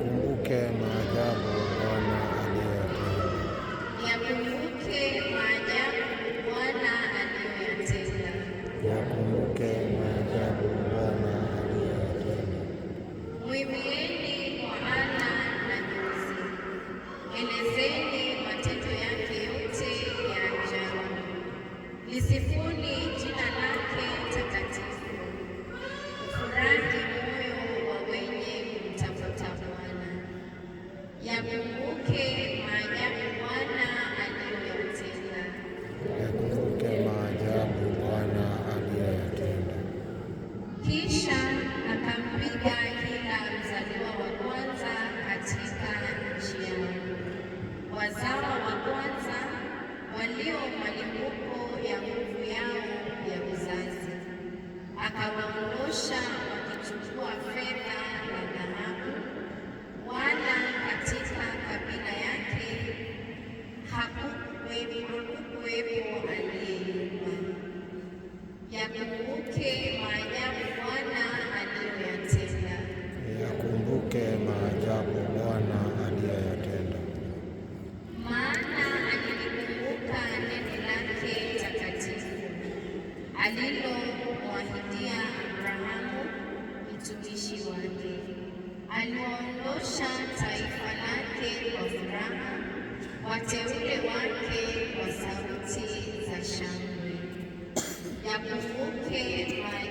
Yakumbuke maajabu Bwana aliyoyatenda. Yakumbuke maajabu Bwana aliyoyatenda. Mwimbieni Bwana na juzi, elezeni matendo yake yote ya ajabu. Lisifuni ndio malimbuko ya nguvu yao ya vizazi. Akawaondosha wakichukua fedha na dhahabu, wala katika kabila yake hakukuwepo aliyeyumba. Yakumbuke alilomwahidia Abrahamu mtumishi wake. Aliwaondosha taifa lake kwa furaha, wateule wake kwa sauti za shangwe. Yakumbuke